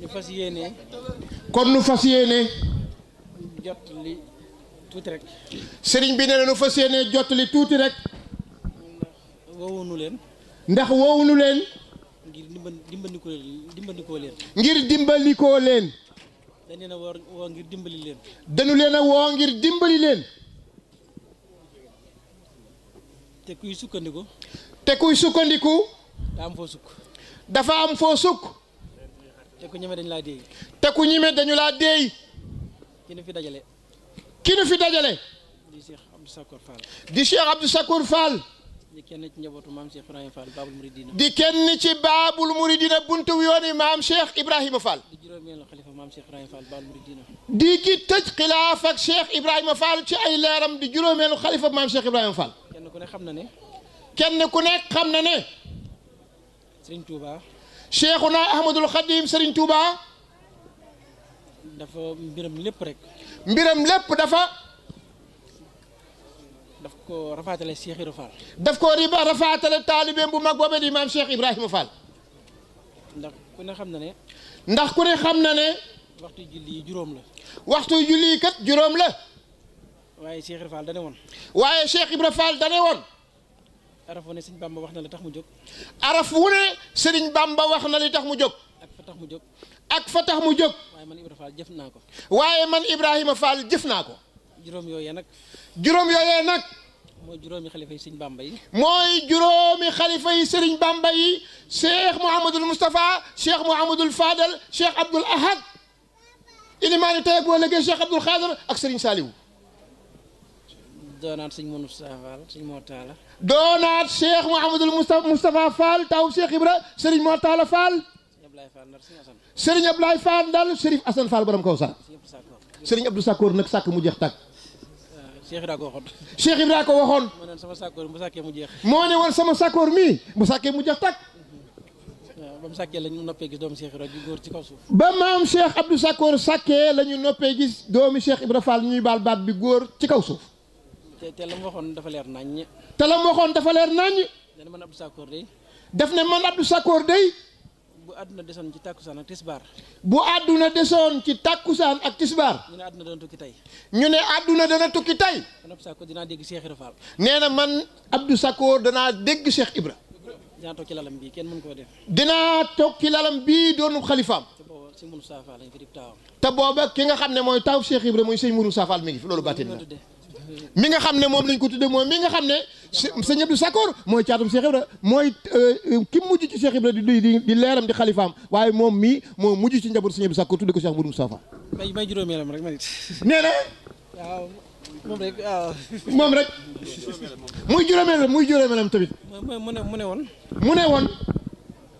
ñu fas yéene. kon nu fas yéene. jot li tuuti rek. sëriñ bi nee nu fas yéene jot li tuuti rek. ndax woowunu leen. ndax woowunu leen. ngir dimbandikoo dimbandikoo leen. ngir dimbandikoo leen. dañu a woo ngir dimbali leen. dañu leen a woo ngir dimbali leen. te kuy sukkandiku. te kuy sukkandiku. daa am foo sukk. dafa am foo sukk. te ku ñeme dañu laa déey. te ku ñeme dañu laa déey. ki nu fi dajale. ki nu fi dajale. di Cheikh Abdou Sakkour Fall. di Cheikh Abdou Sakkour Fall. di kenn ci njabootu maam Cheikh Ibrahima Fall Baabul Muridina. di kenn ci Baabul Muridina buntu yooni maam Cheikh Ibrahima Fall. di juróomeelu xalifa maam Cheikh Ibrahima Fall Baabul Muridina. di ki tëj xilaaf ak Cheikh Ibrahima Fall ci ay leeram di juróomeelu xalifa maam Cheikh Ibrahima Fall. kenn ku ne xam na ne. kenn ku ne xam na ne. Serigne Touba. شيخنا احمد الخديم سيرن توبا دافا ميرم ليب رك ميرم ليب دافا داف كو رفاتل الشيخ رفال داف كو ريبا رفاتل الطالبين بو ماك بوبي شيخ ابراهيم فال نده كنا خمنا ني نده كوري خمنا ني وقت جولي جوروم له وقت جولي كات جوروم لا واي شيخ رفال داني وون واي شيخ ابراهيم فال داني arafone serigne Bamba waxna na li tax mu jóg. arafone serigne Bamba waxna li tax mu jóg. ak fa tax mu jóg. ak fa tax mu jóg. waye man Ibrahima Fall jefnako waye man Ibrahima Fall jefnako jurom yoyé nak jurom yoyé nak moy juromi khalifa yi serigne Bamba yi. moy juromi khalifa yi serigne Bamba yi Cheikh Mouhamadul Moustapha Cheikh Mouhamadul Fadel Cheikh Abdoul Ahad Ilimaani tay boo lëggee Cheikh Abdoul Khader ak serigne saliw donat serigne Moussa Fall sëñ Mor doonaat cheikh Mouhamadul Moustapha Moustapha Fall taw cheikh Ibra Serigne Mor Talla Fall. Serigne Ablaye Fall ndal Serif Assane Fall borom kaw sax Serigne Abdou Sakkoor nag sàkk mu jeex tàkk. cheikh Ibra ko waxoon. cheikh Ibra ko waxoon. moo ne woon sama sakkoor bu sàkkee mu jeex. moo ne woon sama sakkoor mii bu sàkkee mu jeex tàkk. ba mu sàkkee la ñu noppee gis doomu Cheikh Ibra ju góor ci kaw suuf. ba maam cheikh Abdou Sakkoor sàkkee la ñu noppee gis doomu cheikh Ibra Fall ñuy baal baat bi góor ci kaw suuf. te te la mu waxoon dafa leer naññ. te la mu waxoon dafa leer naññ. dana man Abdou Sakkoor day. daf ne man Abdou Sakkoor day. bu àdduna desoon ci tàkkusaan ak tisbaar. bu àdduna desoon ci tàkkusaan ak tisbaar. ñu ne àdduna dana tukki tey. ñu ne àdduna dana tukki tey. man Abdou Sakkoor dinaa dégg Cheikh Ibra Fall. nee na man Abdou Sakkoor danaa dégg Cheikh Ibra. dinaa toog ci lalam bii kenn koo def. dinaa toog ci lalam bii doonu xalifaam. te booba ki nga xam ne mooy taw Cheikh Ibra mooy sëñ Mourou Safal mi ngi fi loolu bàttin na. mi nga xam ne moom lañ ko tudde moom mi nga xam ne sëñ Abdou Sakor mooy caatum Cheikh rek mooy euh, ki mujj ci Cheikh Ibra di di di leeram di xalifaam waaye moom mii moo mujj ci njaboot sëñ Abdou Sakor tudde ko Cheikh Moudou Moustapha may may juróomeelam rek ma nit nee na waaw moom moom rek muy juróomeelam muy juróomeelam tamit mu ne mu ne woon mu ne woon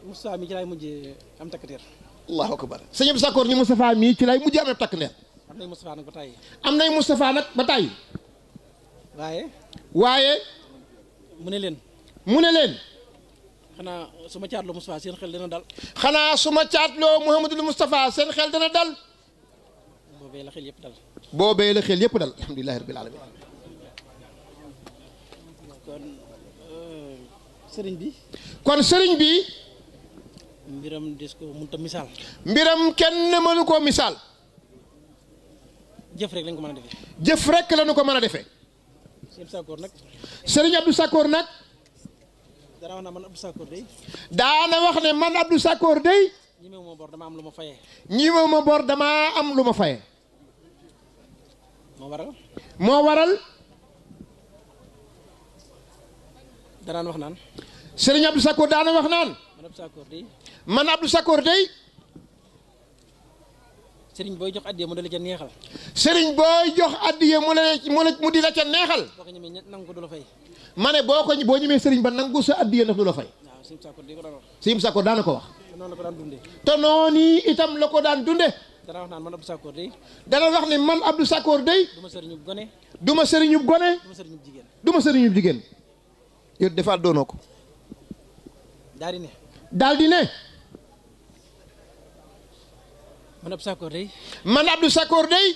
Moustapha mii ci laay mujjee am takk teer allahu akbar sëñ Abdou Sakor mii ci laay mujjee am takk teer am nay Moustapha nag am nay Moustapha nag ba tàyyi waaye. waaye. mu ne leen. mu ne leen. xanaa su ma caatloo Moustapha seen xel dana dal. xanaa su ma caatloo Mouhamadul Moustapha seen xel dana dal. boobee la xel yëpp dal. boobee la xel yëpp dal alhamdulilah rabbil alamin. kon sëriñ bi. kon sëriñ bi. mbiram des ko mënut a misaal. mbiram kenn mënu koo misaal. jëf rek lañ ko mën a defee. jëf rek lañu ko mën a defee. sëriñ Sakkoor nag. sëriñ Abdou Sakkoor nag. daana wax ne man Abdou Sakkoor day. daana wax ne man Abdou Sakkoor am lu ma fayee. ñi ma damaa am lu ma fayee. moo waral. moo waral. danaan wax naan. sëriñ Abdou Sakkoor daana wax naan. man Abdou Sakkoor day. Sering boy jox addiya mu di la ca neexal sëriñ booy jox addiya mu la mu la mu di la ca neexal boo ko nangu ko fay ma ne boo ko boo ba nangu sa addiya ndax fay sim sàkko di ko daan sim dunde itam la daan day Duma wax ne man Abdou sering day du Duma sering gone duma ma gone ne man Abdou Sakor day. man Abdou Sakor day.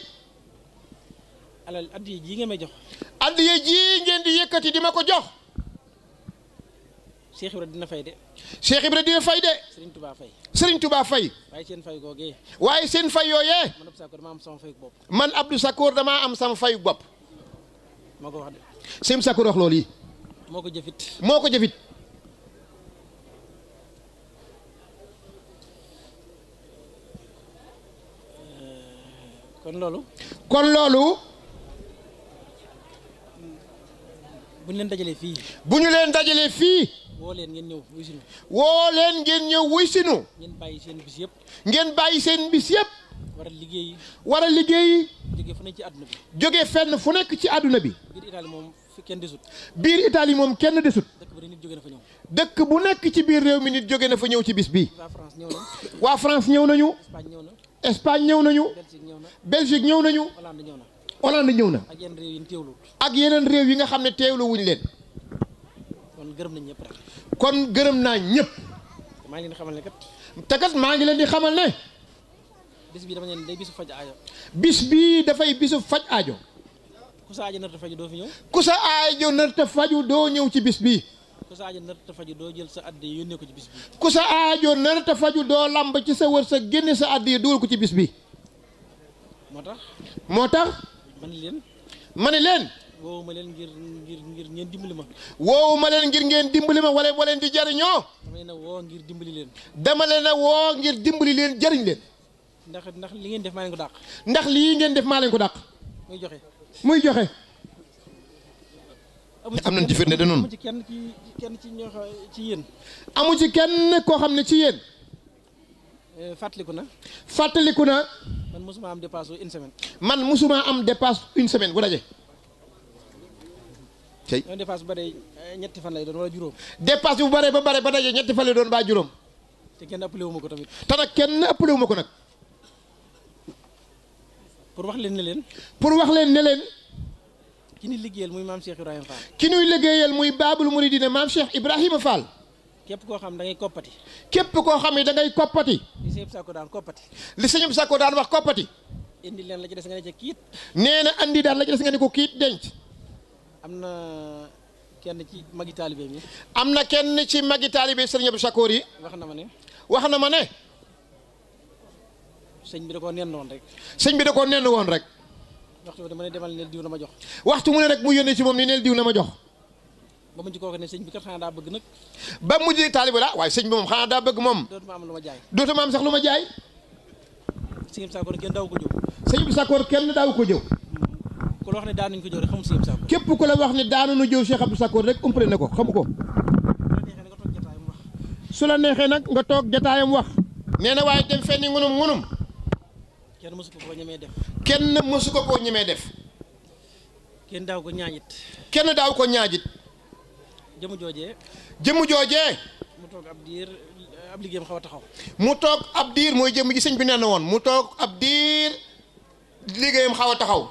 alal addiya ji ngeen di yëkkati di ma ko jox. Cheikh Ibra dina fay de. Cheikh Ibra dina fay de. Serigne Touba fay. Serigne Touba fay. waaye seen fay googee. waaye man Abdou Sakor damaa am sama fayu bopp. man Abdou wax loolu yi. moo ko jëfit. moo ko jëfit. kon loolu. kon loolu. bu ñu leen dajalee fii. bu ñu leen dajalee fii. woo leen ngeen ñëw wuy sinu. woo leen ngeen ñëw wuy si ngeen bàyyi seen bis yëpp. ngeen bàyyi seen bis yëpp. war a liggéeyi. war a liggéeyi. jóge fu nekk ci àdduna bi. fenn fu nekk ci àdduna bi. biir Italie moom kenn desut. biir Italie moom kenn desut. dëkk bu nit jóge ñëw. dëkk bu nekk ci biir réew mi nit jóge na fa ñëw ci bis bi. waa France ñëw na. ñëw nañu. ñëw na. Espagne ñëw nañu Belgique ñëw nañu Hollande ñëw na ak yeneen réew yi nga xam ne teewlu wuñ leen kon gërëm nañ ñëpp kon gërëm naa ñëpp ngi leen di xamal te kat maa ngi leen di xamal ne bis bi dafa ne day bisu faj bis bii dafay bisu faj aajo ku sa aajo nar ta faju doo fi ñëw ku sa aajo doo ñëw ci bis bi ku sa aajo narata faju doo jël sa addi yónnee ko ci bis bi ku sa aajo narata faju doo lamb ci sa wër sa génne sa addi yi dugal ko ci bis bi moo tax moo tax ma ne leen ma ne leen woowu ma leen ngir ngir ngir ngeen dimbali ma woowu ma leen ngir ngeen dimbali ma wala ma leen di jariñoo dama leen woo ngir dimbali leen dama leen woo ngir dimbali leen jariñ leen ndax ndax li ngeen def maa leen ko dàq ndax lii ngeen def maa leen ko dàq muy joxe muy joxe te am nañ ci firnde de noonu. amu ci kenn ci ñoo ci yéen. amu ci kenn koo xam ne ci yéen. Euh, fàttaliku na. fàttaliku na. man mosuma am dépasse une semaine. man mosuma am dépasse une semaine bu daje. tey loolu dépasse bu bare euh, ñetti fan lay doon juróom. dépasse bu bare ba bare ba daje ñetti fan doon baa juróom. te kenn ëppale wu ma ko tamit. te nag kenn ëppale wu ko nag. pour wax leen ne pour wax leen ne ki ñuy liggéeyal muy maam Cheikh Ibrahima Fall. ki ñuy liggéeyal muy Baabul Muridiina maam Cheikh Ibrahima Fall. képp koo xam da ngay koppati. képp koo xam ne da ngay koppati. li sëñ Sakko daan koppati. li sëñ Sakko daan wax koppati. indi leen la ci des nga ne ca nee na andi daan la ci des nga ne ko kiit denc. am na kenn ci magi taalibe bi. am na kenn ci magi taalibe sëriñ Abdou Sakkoor yi. wax na ma ne. wax na ma ne. sëñ bi da koo nen woon rek. sëñ bi da koo nenn woon rek. waxtu mu ne demal neel diw na ma jox rek mu yónnee ci moom ni neel diw na ma jox ba mujj kooku ne sëñ bi kat xanaa daa bëgg nag ba mujj taalibe la waaye sëñ bi moom xanaa daa bëgg moom dootuma am lu ma jaay dootuma sax lu ma jaay sëñ bi sàkkoor kenn daaw ko jëw sëñ ko la wax ne daanuñu ko jëw rek xamu sëñ bi sàkkoor képp ku la wax ne daanuñu jëw Cheikh Abdou Sàkkoor rek umpale na ko xamu ko su la neexee nag nga toog jataayam wax nee na waaye dem fenni ngunum ngunum kenn mësu ko koo ñemee def. kenn mësu ko koo ñemee def. daaw ko ñaajit. kenn daaw ko ñaajit. jëmu joojee. jëmu joojee. mu toog ab diir xaw a taxaw. mu toog ab diir mooy jëm ji sëñ bi nee na woon mu toog ab diir liggéeyam xaw a taxaw.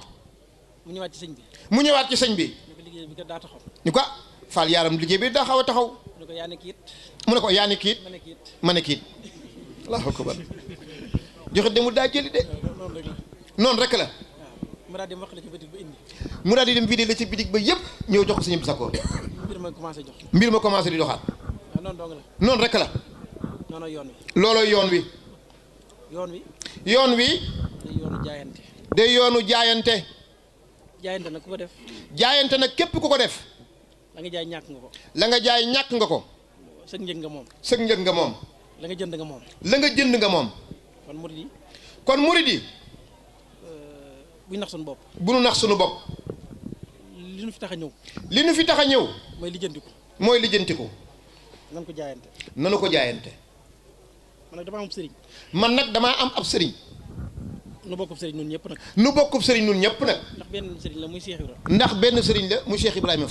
mu ñëwaat ci sëñ bi. mu ñëwaat ci sëñ bi. ñu ko liggéey bi kat daa taxaw. ñu ko faal yaaram liggéey bi daa xaw a taxaw. mu ne ko yaa ne kiit. mu ne kiit. ma ne kiit ma ne kiit. allahu joxe demul daa jëli de. noonu rek la. mu daal di dem wax la ci bitig ba indi. mu daal di dem vidéo la ci bitig ba yëpp ñëw jox ko sëñ bi Sakkoor. mbir ma commencé jox mbir ma commencé di doxaat. Ah, noonu dong la noonu rek la. noonu yoon wi. yoon wi. yoon wi. yoon wi. day yoonu jaayante. yoonu jaayante. jaayante nag ku ko def. jaayante nag képp ku ko def. la nga jaay ñàkk nga ko. la nga jaay ñàkk nga ko. sëg njëg nga moom. sëg njëg nga moom. la nga jënd nga moom. la nga jënd nga moom. kon murid yi. kon murid yi. Euh, bu ñu nax suñu bopp. bu ñu nax suñu bopp. li nu fi tax a ñëw. li nu fi tax a ñëw. mooy lijjantiku. mooy lijjantiku. nanu ko jaayante. nanu ko jaayante. man nag damaa am man nag damaa am ab sëriñ. nu bokkub sëriñ nun ñëpp nag. nu bokkub sëriñ nun ñëpp nag. ndax benn sëriñ la muy seex Ibrahima. ndax benn sëriñ la muy Cheikh Ibrahima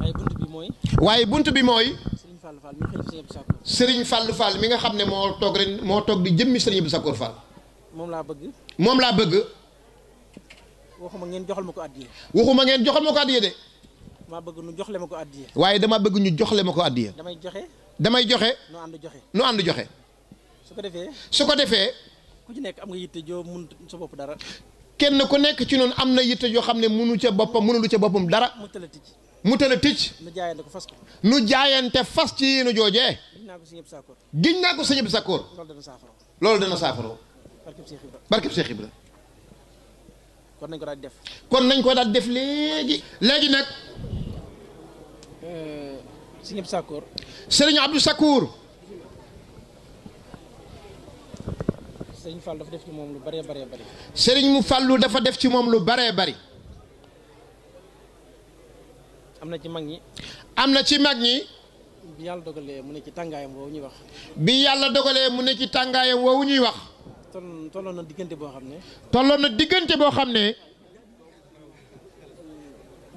waaye bunt bi mooy. waaye bunt bi mooy. Serigne Fallou Fall mi nga xam ne moo toog ren moo toog di jëmmi Serigne Abdou Sakkoor Fall. moom laa bëgg. moom laa bëgg. waxuma ngeen joxal ma ko addiye. waxuma ngeen joxal ma ko addiye de. maa bëgg ñu joxle ma ko addiye. waaye dama bëgg ñu joxle ma ko addiye. damay joxe. damay joxe. nu ànd joxe. nu ànd joxe. su ko defee. su ko defee. ku ci nekk am nga yitte joo mun sa bopp dara. kenn ku nekk ci noonu am na yitte yoo xam ne munu ca boppam munu lu ca boppam dara. mu tëlati ci. mu tële ticc. nu jaayante ko fas ko. nu jaayante fas ci yéenu joojee. giñ naa ko sëñ bi Sakkoor. giñ sëñ bi Sakkoor. loolu dana saafara. loolu dana saafara. barkeb Seex Ibra. barkeb Seex Ibra. kon nañ ko daal def. kon nañ ko daal def léegi. léegi nag. sëñ Abdou Sakkoor. sëriñ Abdou Sakkoor. sëriñ Fallou dafa def ci moom lu bëree bëri. sëriñ mu Fallou dafa def ci moom lu bëree bëri. am na ci mag ñi. am na ci mag ñi. bi yàlla dogalee mu ne ci tàngaayam woowu ñuy wax. bi yàlla dogalee mu ne ci tàngaayam woowu ñuy wax. tolloon na diggante boo xam ne. tolloon na diggante boo xam ne.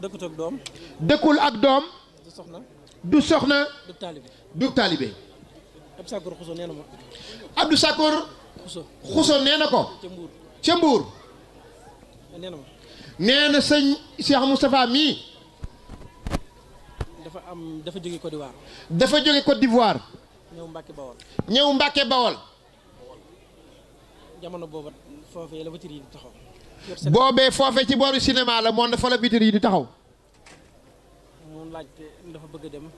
dëkkut ak doom. dëkkul ak doom. du soxna. du soxna. du taalibe du taalibe. Abdou Sakkour Xuso nee na ma. Abdou Sakkour. nee na ko. ca Mbuur ca sëñ Cheikh Moustapha mii. dafa am dafa jóge Côte d'Ivoire. dafa jóge Côte d'Ivoire. ñëw Mbacke Bawol. ñëw Mbacke Bawol. jamono boobu foofee la vitre yi di taxaw. boobee foofee ci booru cinéma la moom dafa la vitre yi di taxaw. mu laajte dafa bëgg a dem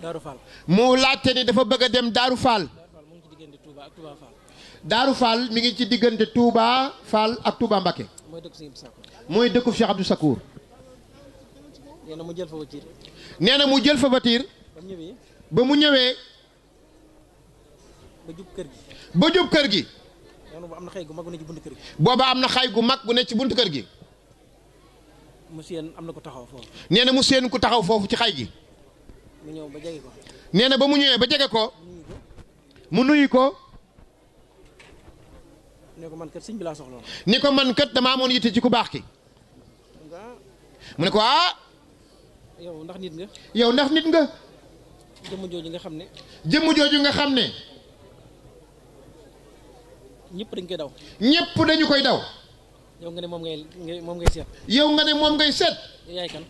Daaru Fall. mu laajte ni dafa bëgg dem Daaru Fall. Daaru Fall mi ngi ci diggante Touba Fall ak Touba Mbacke. mooy dëkku Cheikh Abdou Sakour. nee na mu jël fa watiir. nee na mu jël fa watiir. ba mu ñëwee. ba mu ñëwee. ba jub kër gi. ba jub booba am na xay gu mag gu ne ci buntu kër gi. booba na xay gu mag gu ne ci buntu kër gi. mu seen am na ku taxaw foofu. nee na mu seen ku taxaw foofu ci xay gi. mu ñëw ba jege ko. nee na ba mu ñëwee ba jege ko. mu nuyu ko. ne ko man bi laa soxla ni ko man kat damaa amoon yitte ci ku baax ki. mu ne ah. yow ndax nit nga. yow ndax nit nga. jëmm jooju nga xam ne. jëmm jooju nga xam ne. ñëpp dañ koy daw. ñëpp dañu koy daw. yow nga ne moom ngay moom ngay seet. yow nga ne moom ngay seet. yow yaay kan.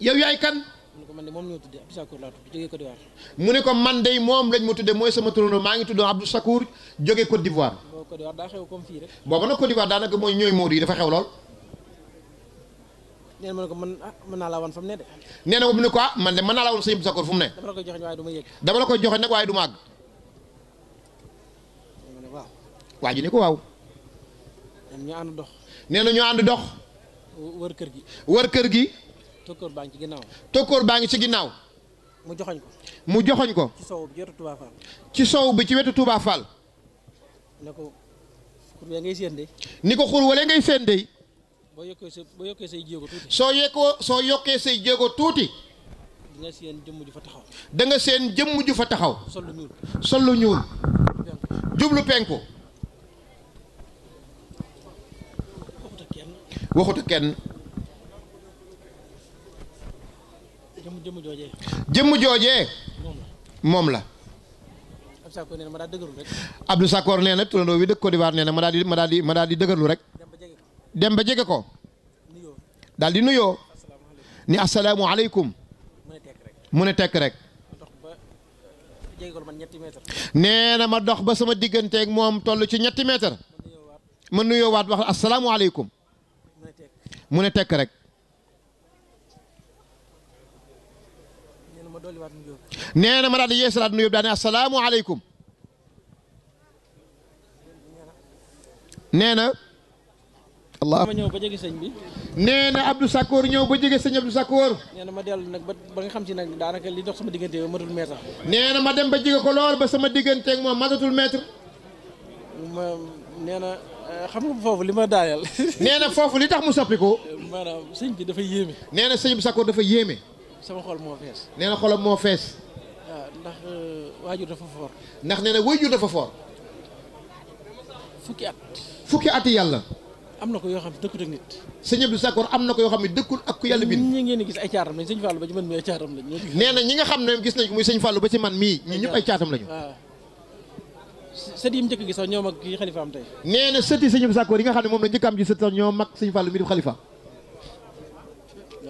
yow yaay kan. mu ne ko man de moom ñoo tuddee Abdou Sakour laa tudd mu ne ko man de ma tuddee mooy sama turandoo maa ngi tudd Abdou Sakour jógee Côte d'Ivoire. boobu Côte d'Ivoire daa xew comme fii rek. boobu nag Côte d'Ivoire mooy ñooy Maodo yi dafa xew lool. nee na mu ne ko mën mën naa la wan fa ne ko ah, man de mën naa la wan sëñ mu ne dama la koy joxe waaye du ma yëg dama la ji ne ko waaw ñu ànd dox nee ànd dox wër kër gi wër kër gi tokkoor baa ngi ci ginnaaw tokkoor baa ngi ci ginnaaw mu joxoñ ko mu joxoñ ko ci sow bi ci wetu Touba sow bi ci wetu Touba ne ko xur ngay séen ni ko xur wale ngay séen de boo yokkee sa boo say jéego soo yekkoo soo yokkee say jéego tuuti. da nga seen jëmm ju fa taxaw. da nga seen ju fa taxaw. sol lu ñuul sol lu ñuul. jublu penku. waxuta kenn. waxuta kenn. jëmm jëmm joojee. jëmm joojee. moom la. Abdou Sakor nee na ma daa dëgërlu rek. Abdou Sakor nee na turandoo wi dëkk Côte d'Ivoire na ma daa di ma daa di ma di dëgërlu rek. dem ba jege ko daal nuyoo ni asalaamu aleykum mu ne tekk rek nee na ma dox ba sama digganteeg moom toll ci ñetti mètre ma nuyoo waat wax asalaamu aleykum mu ne tekk rek nee na ma daal di yeesalaat nuyoo daal ne asalaamu aleykum allah ma ñëw ba jege sëñ bi. nee na Abdou Sakkoor ñëw ba jege sëñ Abdou Sakkoor. nee na ma dellu nag ba ba nga xam si nag daanaka li dox sama diggante ba matatul mètre. nee na ma dem ba jege ko lool ba sama diggante ak moom matatul mètre. ma nee na eh, xam foofu li ma daaneel. nee na foofu li tax mu soppi ko. maanaam sëñ bi dafa yéeme. nee na sëñ Abdou Sakkoor dafa yéeme. sama xol moo fees. nee na xolam moo fees. waaw ah, ndax eh, waajur dafa foor. ndax nee na waajur dafa foor. fukki at. fukki at yàlla. am na ko yoo xam ne dëkkut ak nit sëñ Abdou Sakor am na ko yoo xam ne dëkkul ak ku yàlla bind ñi ngeen gis ay caatam lañ sëñ Fallou ba ci man mii xam ne gis nañ ko muy sëñ Fallou ñu ñëpp ay caatam lañu sët yi mu njëkk gi sax ñoo mag yi xalifa am nee na sët yi sëñ Abdou yi nga xam ne moom la njëkk am ji sët sax ñoo mag sëñ Fallou mi di xalifa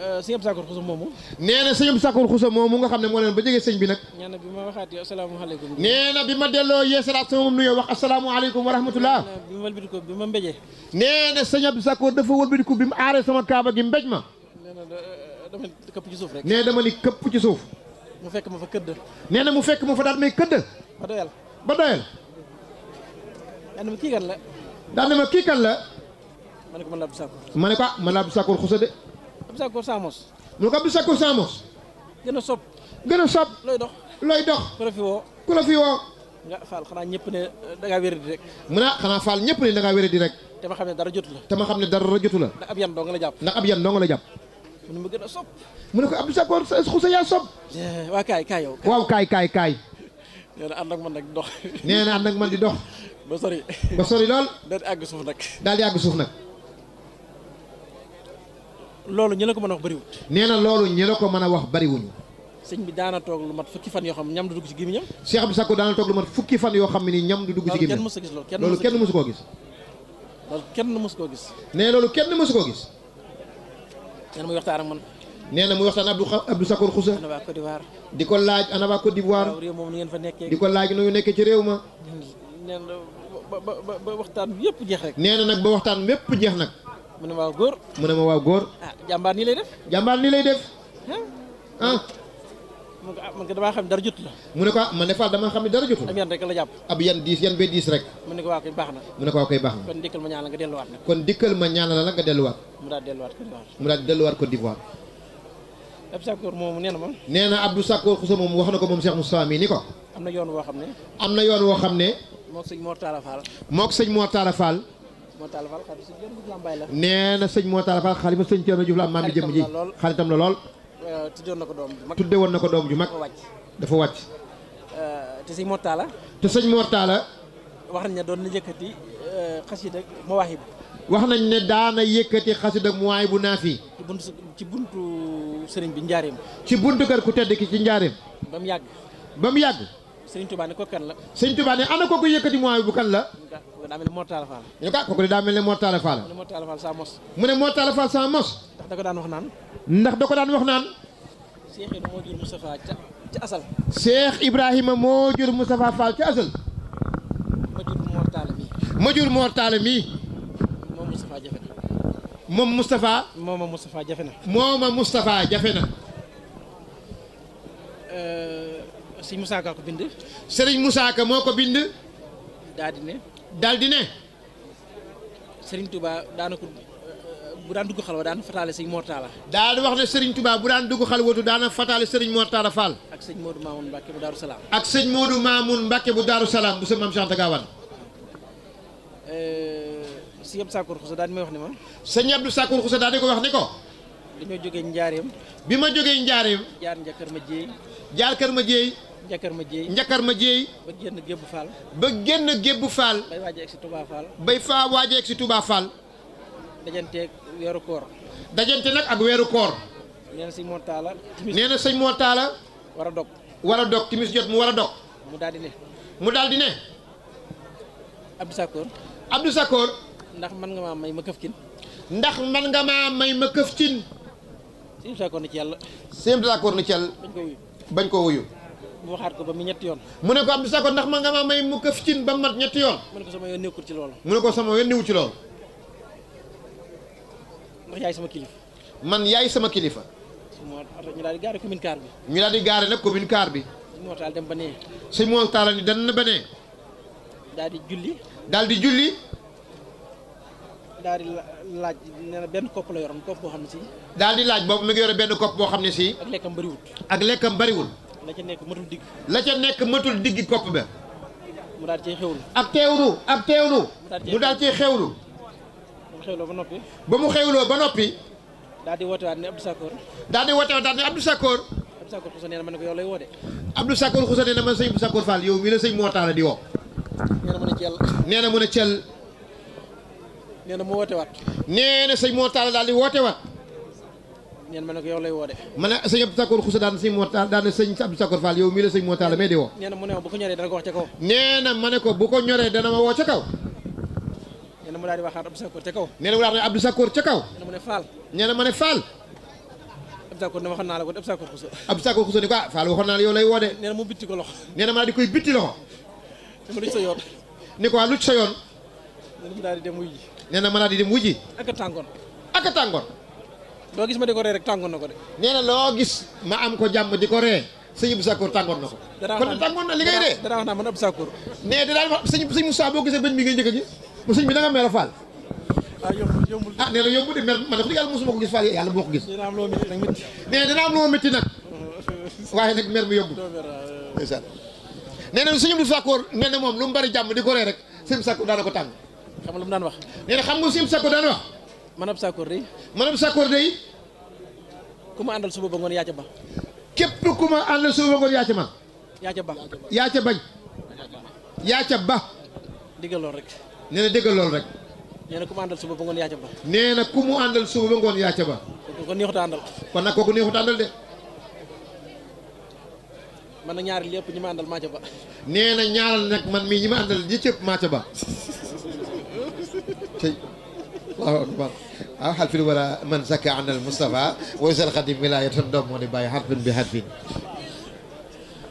Euh, sëñ Abdou Sakkour Xoussa moomu nee na sëñ Abdou Sakkour Xoussa moomu nga xam ne moo leen ba jege sëñ bi nag nee na bi ma waxaatee asalaamaaleykum nee na bi ma delloo yeesalaat sama moom nuyoo wax asalaamaaleykum wa rahmatullah bi ma wëlbati ko bi ma mbéjee nee na sëñ Abdou dafa wëlbati bi mu aaree sama kaaba gi mbéj ma nee na euh, ci suuf rek nee dama ni ci suuf mu fekk ma fa këdd nee na mu fekk ma fa daal may këdd ba doyal ba doyal daa ne ma kii kan la daa ne ma kii kan la ma ne ko ma ne ko ah de Abissakour Samos. donc Abissakour Samos. gën a sopp. gën a sopp. looy dox looy dox. ku la fi woo. ku la fi woo. nga Fall xanaa ñëpp ne eh, da ngaa wéradi rek. mu ne xanaa Fall ñëpp ne da ngaa wéradi rek. te ma xam ne dara jotu la. te ma xam ne dara jotu la. ndax ab yan dong la jàpp. ndax ab yan dong la jàpp. mu ne ma gën a sopp. mu ne ko Abissakour eh, waa kaay kaay yow. waaw kaay kaay kaay. nee na ànd ak man nag dox. nee na ànd man di dox. ba sori. ba sori lool. daal di àgg suuf nag. daal di àgg suuf nag. loolu ñi la ko mën a wax nee na loolu ñi la ko a wax bariwuñu sëñ bi daana toog lu mat fukki fan yoo xam ne ñam du dugg ci gémmiñam Cheikh Abdou Sakko daana toog lu mat fukki fan yoo xam ne ni ñam du dugg ci gémmiñam loolu kenn mësu koo gis loolu kenn mësu koo gis nee loolu kenn mësu koo gis nee na muy waxtaan ak du nee na muy waxtaan Abdou Abdou Sakko Xoussa ana waa Côte di ko laaj ana waa di d'Ivoire réew moom nu ngeen fa nekkee di ko laaj nu ñu nekkee ci réew ma nee na ba ba ba waxtaan yëpp jeex rek nee na nag ba waxtaan yëpp jeex nag mu ne ma waaw góor mu ne ma waaw góor ah jàmbaar nii lay def jàmbaar nii lay def ah mu ne ko ah man damaa xam ne dara jot la mu ne ko ah man ne Fall damaa xam ne dara jotul ab yan rek la jàpp ab yan diis yan bee diis rek mu ne ko waa koy baax na ne ko waa koy baax kon dikkal ma ñaanal nga delluwaat nag kon dikkal ma ñaanal la nga delluwaat mu daal delluwaat Côte d'Ivoire mu daal delluwaat Côte d'Ivoire Abdou Sakkour moom nee na ma Abdou Sakkour Cheikh Moustapha yoon ne yoon woo xam ne Fall Fall nee na sëñ moo taal Fall xalima sëñ Thierno Diouf la am maam mi jëmm ji xaritam la lool. Euh, tuddewoon na ko doom ju mag tuddewoon na ko doom ju mag. dafa wàcc. Euh, te sëñ moo taala. te sëñ moo taala. wax nañ ne doon na yëkkati euh, xasida mawaahib. wax nañ ne daana yëkkati xasida mawaahib bu naafi. ci buntu ci buntu sëriñ bi njaareem. ci buntu kër ku tedd ki ci njaareem. ba mu yàgg. sëñ Tuba ne ko kan la sëñ Tuba ne ana daa da ko ndax da daan wax naan Cheikh Ibrahima moo jur Moustapha ca ca asal moo jur Moustapha ma jur Mor Talla mii ma jur Mor Talla mii moom Moustapha jafe na moom Moustapha jafe na euh, sëñ Moussa Ka ko bind. sëriñ Moussa moo ko bind. daal di ne. daal di ne. sëriñ Touba daanaka bu daan dugg xalwa daan fataale wax ne sëriñ bu daan dugg xalwatu daana fataale sëriñ Mortala Fall. ak sëñ Modou Mamoun Mbacke bu Daaru Salaam. ak sëñ Modou Mamoun Mbacke bu Daaru Salaam bu sa maam Cheikh Gawane. Euh, sëñ Abdou Sakkour Xoussa daal di may wax ne ma. sëñ Abdou Sakkour Xoussa daal di ko wax ne ko. dañoo jógee Njaareem. bi ma jógee Njaareem. jaar kër ma jéey. jaar kër ma jéey. njakkar ma jéey njakkar ma jéey ba génn gébbu faal ba génn gébbu faal bay waaje egg si tubaa faal bay faa waaje egg si tubaa faal dajanteeg weeru koor dajante nag ak weeru koor nee na sëñ Mor Talla nee na sëñ Mor Talla war a dog war a dog timis jot mu war a dog mu daal di ne mu daal di ne Abdou Sakkoor Abdou Sakkoor ndax man nga maa may ma këf kin ndax man nga maa may ma këf kin sëñ Abdou Sakkoor na ci yàlla sëñ Abdou Sakkoor na ci yàlla bañ ko wuyu bañ ko wuyu mu waxaat ko ba mu ñetti yoon mu ne ko Abdou Sakor ndax ma nga ma may mu këf cin ba mu mat ñetti yoon mu ne ko sama yoon nekkul ci loolu mu ne ko sama yoon newu ci loolu ndax yaay sama kilifa man yaay sama kilifa ñu daal di gaare commune car bi ñu daal di gaare nag commune car bi sëñ Mortalla dem ba nee sëñ Mortalla ni dem na ba nee daal di julli daal di julli daal di laaj nee na benn kopp la yoroon kopp boo xam ne si daal di laaj boobu mi ngi yore benn kopp boo xam ne si ak lekkam bariwul ak lekkam bariwul la ca nekk matul digg. la nekk matul digg kopp ba. mu daal cee xewlu. ak teewlu ak teewlu. mu daal cee xewlu. mu ba noppi. ba mu xewloo ba noppi. daal di wootewaat ne Abdou Sakor. daal di wootewaat daal ne Abdou Sakor. Abdou Sakor Xoussa nee ma lay woo de. Abdou Sakor Xoussa nee na man sëñ Abdou Sakor Fall yow mii la sëñ moo taala di woo. nee na mën a ceel. nee na mën a ceel. nee na mu wootewaat. nee na sëñ moo taala daal di wootewaat. neen ma ne ko yow lay woo de ma ne sëñ Abdou Sakor Xoussa daan sëñ Mortal daan sëñ Abdou Sakor Fall yow mii la sëñ Mortal may di woo nee mu ne ma bu ko ñoree dana ko wax ca kaw nee na ma ne ko bu ko ñoree dana ma woo ca kaw nee na mu ne Fall nee na ma ne naa ko Abdou Sakor Xoussa Abdou Sakor Xoussa ni ko ah Fall waxoon naa la yow lay woo de nee na mu bitti ko loxo nee na ma di koy bitti loxo ne ma lu sa yoon ni ko waa lu sa yoon nee na mu daal di dem wuy ji nee na ma daal di dem wuy ji a tàngoon ak a tàngoon logis ma di ko ree rek tàngoon na ko de nee na ma am ko jàmm di ko ree sëñ Ibou Sakkour tàngoon na ko kon tàngoon na li re ree dara wax naa man ab Sakkour nee da daan wax sëñ Moussa boo gisee bëñ bi ngay njëkk gi mu sëñ bi da nga mer a ah yombul yombul ah nee na yombul de mer man dafa yàlla mosuma ko gis faal yàlla moo ko gis dina am loo métti nag métti nee dina am loo métti nag waaye nag mer mi yombul ndeysaan nee na sëñ Ibou Sakkour nee lu mu bari di ko ree rek sëñ Sakkour ko xam lu mu wax xam nga wax man ab sàkkoor day man ab sàkkoor day ku ma àndal suba ba ba yaa man yaa ca ba yaa ca bañ ba diggal lool rek nee na déggal lool rek àndal suba ba ngoon yaa ca ba nee na àndal suba ba ngoon yaa ba kon neexut a àndal kon nag kooku neexut a àndal de man na ñaar lépp ñi ma àndal maa ba nee na ñaaral nag man mii ñi ma àndal ñi cëpp ba aw ah, xalfin wala man zakka an al Moustapha waysal xadim wilaayatan doom moo di bàyyi xarfin bi xarfin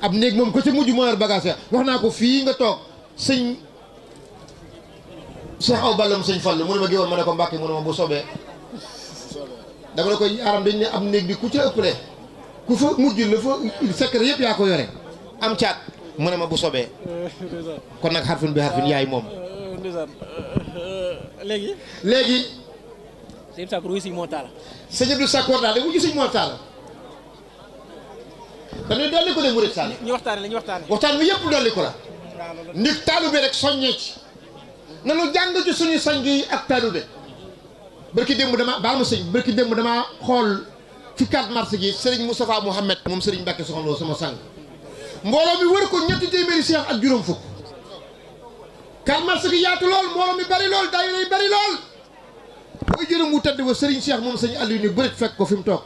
ab néeg moom ko ca mujj moo yor bagage naa ko fii nga toog sëñ Cheikh Aw Ballam sëñ Fall mu ne ma géwal ko Mbàkke mu ne ma bu sobee dama ko aram dañ ne am néeg bi ku ca ku fa mujj la fa secret yëpp ko yore am caat mu ma bu sobee kon nag yaay moom léegi te Ibou Sakkour wuyu si moo taala. sëñ Abdou daal de wuyu si moo taala. dañuy dolli ko de Mouride Sall. ñu waxtaanee la ñu waxtaanee. waxtaan bi yëpp dolli ko la. nit taalube rek soññee ci. nanu jàng ci suñu sañ yi ak taalube. barki démb dama baal ma sëñ barki démb dama xool ci 4 mars gi sëriñ Moustapha Mouhamed moom Serigne Mbacke soxna Lo sama sang. mbooloo mi wër ko ñetti téeméeri seex ak juróom fukk. 4 mars gi yaatu lool mbooloo mi bari lool daayira yi bari lool. booy jërëm wu tedd ba Serigne Cheikh moom sëñ Aliou ni bërit fekk ko fi mu toog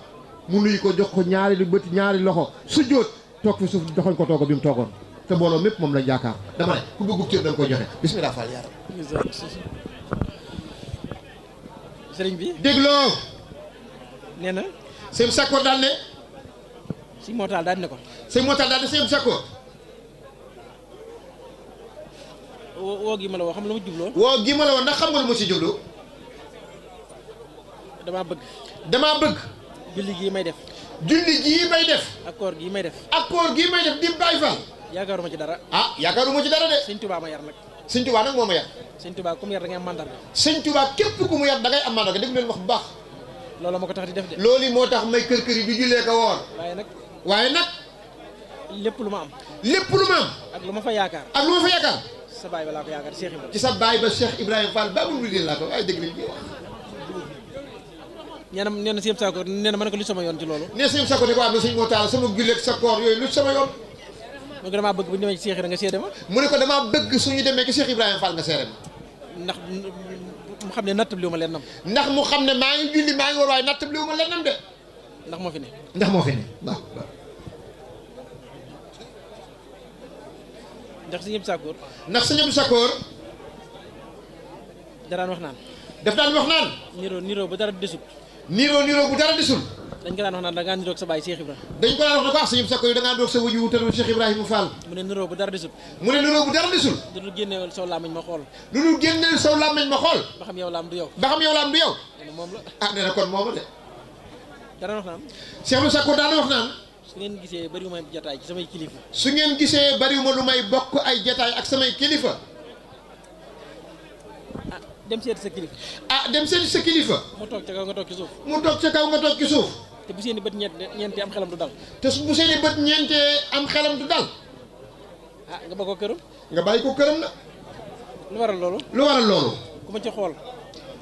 mu nuyu ko jox ko ñaari bët ñaari loxo su jóot toog fi su doxañ ko toogo bi mu toogoon te booloo mépp moom lañ yaakaar dama ne ku bëggub cër da nga koy joxe bismillah Fall sëriñ bi dégloo nee na sëñ Sakko daal ne sëñ daal ne ko sëñ Mootaal daal ne sëñ gi ma la woo xam lu ma jubloo woo gi ma la woo ndax xam nga lu ma si damaa bëgg. damaa bëgg. julli gii may def. julli gii may def. ak koor gii may def. ak koor may def di Baay ya yaakaaruma ci dara. ah ya ci dara de. sëñ Tuubaa ma yar nag. sëñ Tuubaa nag moo ma yar. sëñ Tuubaa ku mu yar da ngay am mandarga. sëñ Tuubaa képp ku mu yar da ngay am mandarga dégg leen wax bu baax. loolu tax di def de. loolu moo tax may kër kër yi di jullee ko ya waaye nag. waaye nag. lépp lu ma am. lépp lu am. ak lu fa yaakaar. ak lu fa yaakaar. sa baay ba laa ko yaakaar Cheikh Ibrahima. ci sa baay ba Cheikh Ibrahima Fall baabul bi laa ko waaye dégg nañ bi wax. nee na nee na sëñ Sakor nee na ma sama yoon ci loolu nee sëñ Sakor ne ko sa koor yooyu sama yoon mu ne ko damaa bëgg bu ñu demee ci mu ne ko damaa bëgg suñu demee ci Cheikh Ibrahima Fall nga seede ma ndax mu xam ne nattab liwu ma lennam ndax mu xam ne maa ngi julli maa ngi war waaye nattab liwu ma lennam de ndax moo fi ne ndax moo fi ne waaw ndax sëñ Sakor ndax sëñ Sakor daraan wax naan daf daan wax naan niroo niroo ba dara desut niro niro bu dara disul dañ ko daan wax naan da ngaa niroog sa baye Cheikh ibrahim dañ ko daan wax ne ko ah sëñ Sakko yow da ngaa niroog sa wuju tëru Cheikh ibrahim Fall mu ne niroo bu dara disul mu ne niroo bu dara disul du nu gennewal saw lamagn ma xol du nu gennewal saw lamagn ma xol ba xam yow ya lam du yow ba xam yow ya lam du yow ya, moom la ah nee kon mooma de dara wax naan Cheikh Sakko daana wax naan su ngeen gisee may jotaay ci samay kilifa su ngeen gisee ma lu may bokk ay jotaay ak samay kilifa ah, dem seeti sa kilifa. ah dem seeti sa kilifa. mu toog ca kaw nga toog ci suuf. mu toog ca kaw nga toog ci suuf. te bu seeni bët ñeentee am xelam du dal. te bu seeni bët ñeentee am xelam du dal. Ah, nga ba ko këram. nga bàyyi ko këram na. lu waral loolu. lu waral loolu. ku ma ci xool.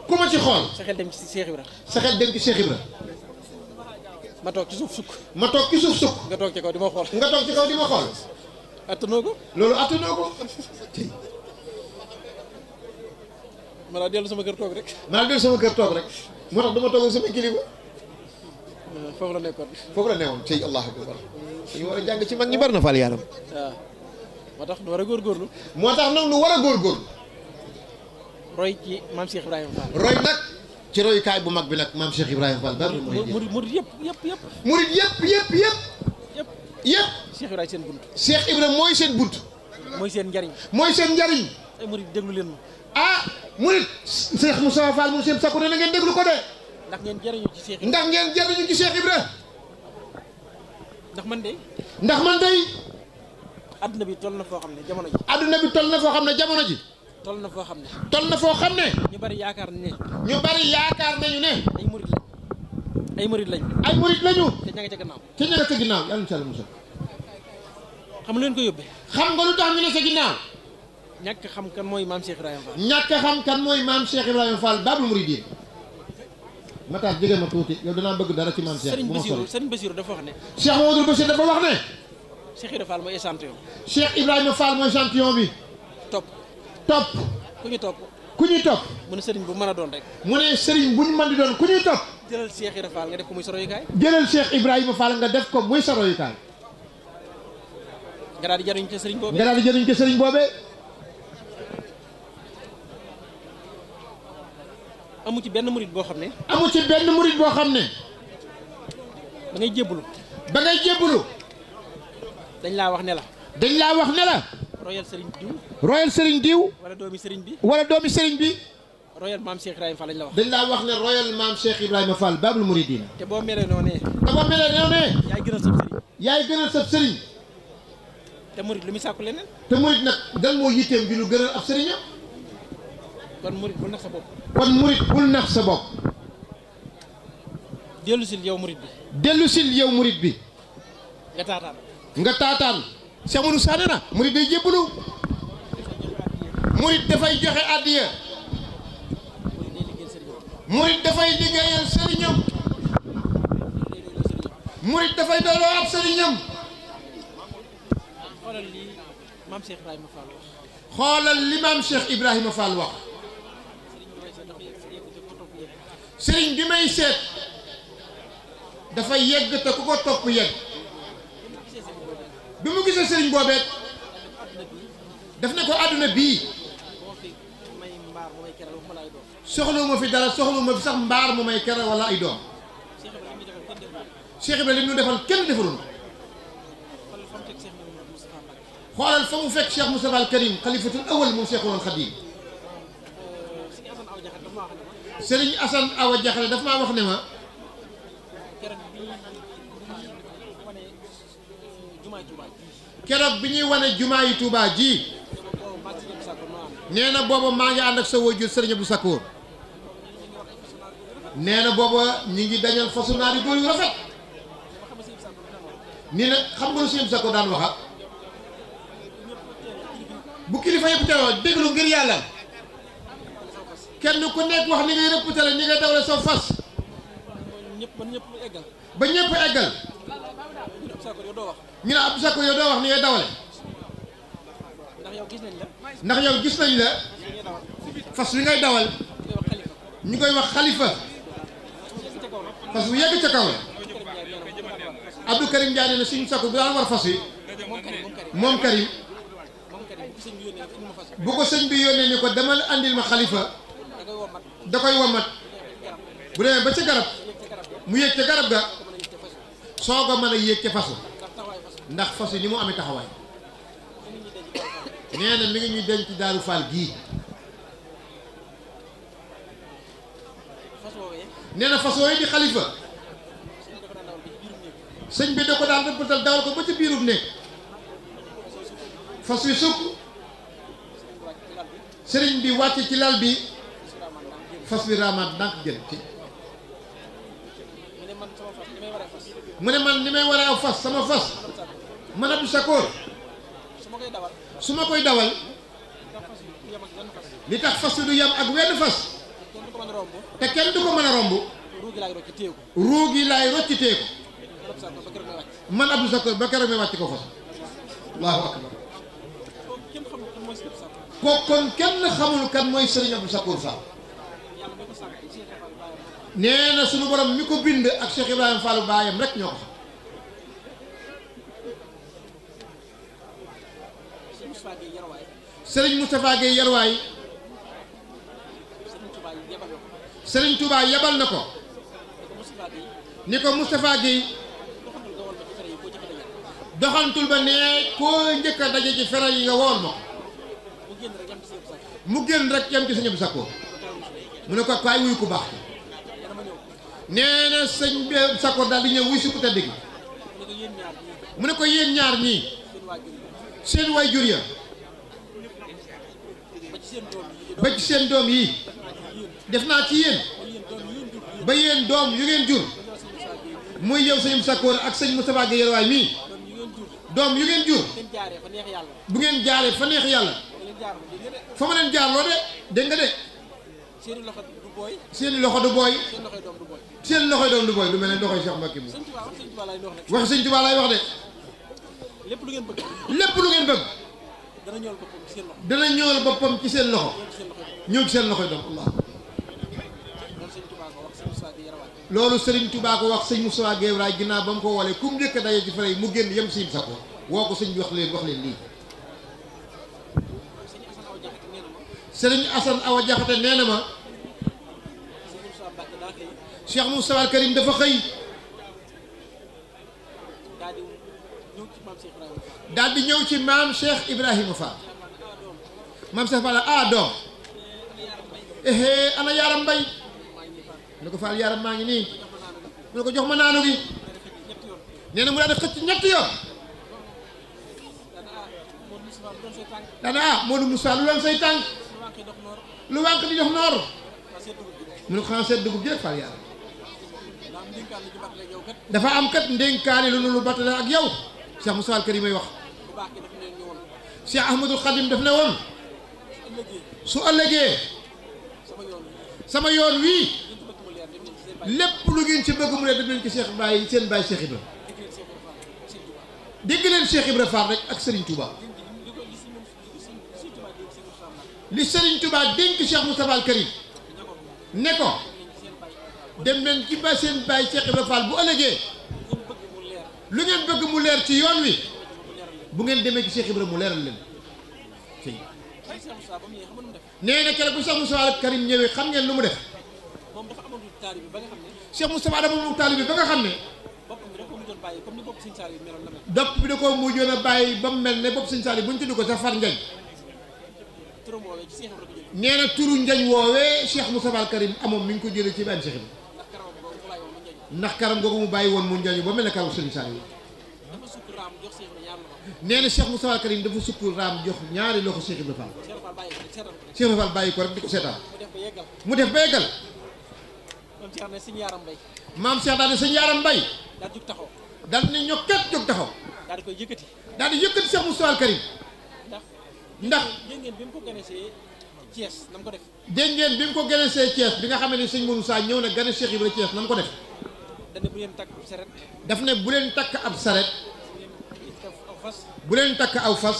ku ci xool. sa dem ci Cheikh Ibra. sa xel dem ci Cheikh Ibra. ma toog ci sukk. ma toog ci suuf sukk. nga toog ci kaw di ma xool. nga toog ci kaw di ma xool. attanoo ko. loolu attanoo ko. ma naa dellu sama kër toog rek ma naa dellu sama kër toog rek moo tax du ma toog ak sama kilifa euh, foofu la nekkoon foofu la newoon tey allahu akbar dañu ñi bari na fal yaaram ah. moo tax nu war a góorgóorlu moo tax nag nu war a góorgóorlu roy ci maam Cheikh Ibrahima Fall roy nag ci royukaay bu mag bi nag maam Cheikh Ibrahima Fall ba murid murid yépp yëpp yëpp murid yëpp yëpp yëpp seen bunt mooy seen bunt mooy seen njariñ mooy seen njariñ ay déglu leen ma ah, murit Cheikh Moussa Fall mu seen sakku ne na ngeen déglu ko de. ndax ngeen jëriñu ci Cheikh Ibra. ndax ngeen jëriñu ci ndax man de. ndax man de. adduna bi toll na foo xam ne jamono ji. adduna bi toll na foo xam ne jamono ji. toll na foo xam ne. toll na foo xam ne. ñu bari yaakaar nañu ne. ñu bari yaakaar nañu ne. ay murit lañ. ay murit lañ. ay murit lañu. te ña nga ca ginnaaw. te ña nga ci yàlla musal. xam lu leen ko yóbbee. xam nga lu tax ñu ne sa ginnaaw. ñàkk xam kan mooy maam Cheikh Ibrahima Fall. ñàkk xam kan mooy maam Cheikh Ibrahima Fall Babul Mouridine Matar ma tuuti yow danaa bëgg dara ci maam Cheikh. bu ma sori Serigne Bassirou dafa wax ne. Cheikh Mamadou Bassirou dafa wax ne. Cheikh Ibrahima Fall mooy échantillon. Cheikh Ibrahima Fall mooy échantillon ku ñu topp. ku ñuy topp. mu ne Serigne bu mën a doon rek. mu ne Serigne bu ñu mën di doon ku ñuy topp. jëlal Cheikh Ibrahima Fall nga def ko muy sa royukaay. jëlal Cheikh Ibrahima Fall nga def ko muy sa royukaay. nga daal di jëriñ ca Serigne boobee. nga daal di jëriñ ca amu ci benn murit boo xam ne. amu benn murit boo xam ne. ba ngay jébbalu. ba ngay jébbalu. dañ laa wax ne la. dañ laa wax ne la. royal sëriñ diw. royal sëriñ diw. wala doomi sëriñ bi. wala doomi sëriñ bi. royal maam Cheikh Ibrahima Fall lañ la wax. dañ laa wax ne royal maam Cheikh Ibrahima Fall Babul Mouridina. te boo meree noonee. te boo meree noonee. yaay gënal sab sëriñ. te murit lu muy sàkku leneen. te murit nag dal moo yitteem bi lu gënal ab sëriñam. kon murit bul nax sa bopp. kon murit yow murit bi. dellusil yow murit bi. nga taataan. nga taataan. Cheikh na. murit day jébbalu. murit dafay joxe addiya. murit dafay liggéeyal sëriñam. murit dafay doyloo ab sëriñam. xoolal li maam Cheikh Ibrahima Fall wax. sëriñ bi may seet dafa yegg te ku ko topp yegg bi mu gisee sëriñ boobeet daf ne ko àdduna bii soxla ma fi dara soxla ma fi sax mbaar mu may kere wala ay doom Cheikh Ibrahima li mu defal kenn defarul xoolal fa mu fekk Cheikh Moustapha al Karim xalifatul awal moom Cheikhul Khadim Serigne Assane Awa Diakhale daf maa wax ne ma keroog bi ñuy wane jumaa yi tuubaa ji nee na booba maa ngi ànd ak sa wajur Serigne Abdou Sakkour nee na booba ñi ngi dañal fasu góor yu rafet nii nag xam nga lu Serigne Abdou Sakkour daan waxa bu kilifa yëpp teewoo déglu ngir yàlla kenn ku nekk wax li ngay rëpputale ni ngay dawle soo fas. ba ñëpp eggal. ba ñëpp eggal. ñu ne Abdou Sakor yow doo wax ni ngay dawale. ndax yow gis nañ la. ndax yow gis nañ la. fas wi ngay dawal. ñu koy wax xalifa. fas wu yegg ca kaw la. Abdou Karim Ndiaye ne suñu sakku bi daan war fas wi. moom Karim. bu ko sëñ bi yónnee ni ko demal andil ma xalifa. da koy wamat bu demee ba ca garab mu yéeg ca garab ga soog a mën a yéeg ca fasu ndax fasu ni mu amee taxawaay nee na mi ngi ñuy denc daaru faal gii nee na fasoo yi di xalifa sëñ bi da ko daan rëbbatal dawal ko ba ca biirub nekk fas wi sukk sëriñ bi wàcc ci lal bi fas wi raamaat dànk jël ci mu ne man ni may waree aw fas sama fas man Abdou Sakor su ma koy dawal li tax fas wi du yam ak wenn fas te kenn du ko mën a romb ruugi laay rocci teeku man Abdou Sakor ba keroog may wàcc ko fas allahu akbar kooku kon kenn xamul kan mooy Serigne Abdou Sakor Samb nee na sunu borom mi ko bind ak Cheikh Ibrahima baayam rek ñoo ko xam Serigne Moustapha Gueye Yarwaay Serigne Touba yebal na ko ni ko Moustapha Gueye doxantul ba nee koo njëkk a daje ci fere yi nga woon ma mu génn rek yam ci sëñ bi sàkkoo mu ne ko kaay wuyu ku baax nee na sëñ bi Sakor daal di ñëw wuy si ku tedd gi mu ne ko yéen ñaar ñii seen way jur ya ba ci seen doom yi def naa ci yéen ba yéen doom yu ngeen jur muy yow sëñ Sakor ak sëñ Moustapha Guèye Yerwaay mii doom yu ngeen jur bu ngeen jaaree fa neex yàlla fa ma leen jaarloo de dégg nga de. seeni loxo du booy. seeni loxo du booy. seen loxoy du booy. seen loxoy doom du booy mel ne loxoy Cheikh Mbacke moom. wax sëñ Tuubaa laay wax de. lépp lu ngeen bëgg. lépp lu ngeen bëgg. dana ñëwal boppam ci seen loxo. dana ñëw seen loxoy doom Allah. loolu Serigne Touba ko wax sëñ Moussa Gueye ginnaaw ba mu ko walee kum njëkk a ci fere yi mu génn yem si sa ko woo ko sëñ bi wax leen wax leen lii. Serigne Assane Awa Diakhaté nee na ma Cheikh Moustapha Al Karim dafa xëy daal di ñëw ci maam Cheikh Ibrahima Fall maam Cheikh Fall ah doom ehe eh, yaaram mbay mu ne ko Fall yaaram maa ngi nii mu ne ko jox ma naanu gi nee mu daal di xëcc ñetti yoon daana ah Modou Moussa lu doon say tànk lu wànq di jox noor mu ne dugub ji rek far yàlla am kat ndénkaani lu nu lu battale ak yow Cheikh Moussa Al Karim may wax Cheikh Ahmadul Xadim daf ne woon su ëllëgee sama yoon wi lépp lu ngeen ci bëgg mu ne def leen ci Cheikh Baye seen Ibra dégg leen Ibra Fall rek ak Serigne li Serigne Touba dénk seex Moustapha al Karim ne ko dem leen ci ba seen bàyyi Cheikh Ibra Fall bu ëllëgee lu ngeen bëgg mu leer ci yoon wi bu ngeen demee ci Cheikh Ibra mu leeral leen nee na keroog bu Cheikh Moustapha al Karim ñëwee xam ngeen lu mu def Cheikh Moustapha dafa moom taalibe ba nga xam ne bopp bi da koo mujjoon a bàyyi ba mu mel ne bopp Sëñ Saaliw bu ñu tudd ko sa far njañ nee na turu njañ woowee Cheikh Moustapha Al Karim amoon mi ngi ko jëlee ci ba Cheikh bi ndax karam googu mu bàyyi woon mu njañu ba mel ne karam Serigne Saliou nee na Cheikh Moustapha Al Karim dafa sukk raam jox ñaari loxo Cheikh Ibra Fall Cheikh Ibra Fall bàyyi ko rek di ko seetaan mu def ba yeggal maam Cheikh daal di sëñ yaaram mbay daal di jóg taxaw daal di ne ñokket jóg taxaw daal di koy yëkkati daal di yëkkati Cheikh Moustapha Al Karim ndax dégg ngeen bi mu ko ganesee Thiès cees mu ko def dégg ngeen bi mu ko ganesee Thiès bi nga xam ne sëñ Mourou saa ñëw na gane Cheikh Ibrahima Thiès na mu ko def daf ne bu leen takk ab saret daf ne bu leen takk ab saret bu leen takk aw fas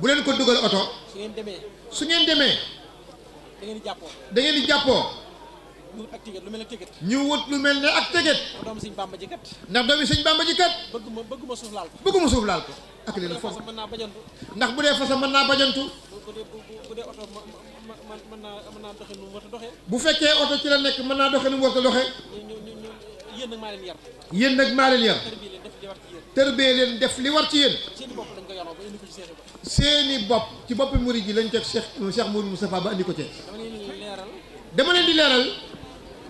bu leen ko dugal oto su ngeen demee su ngeen demee da ngeen jàppoo da ngeen di jàppoo ak ticket lu mel ne ticket ñu wut lu mel ne ak ticket ndax doomi sëñ bàmba ji kat ndax bëgguma suuf laal ko bëgguma suuf laal ko ak li la foofu ndax bu dee fasa mën naa bajantu bu dee oto mën a fekkee oto ci la nekk mën naa doxe nu mu war a doxee yéen nag maa leen yar yéen nag leen def li war ci yéen seeni bopp ci boppi murid yi lañ teg Cheikh Cheikh Mourou Moustapha ba andi ko ci dama leen di leeral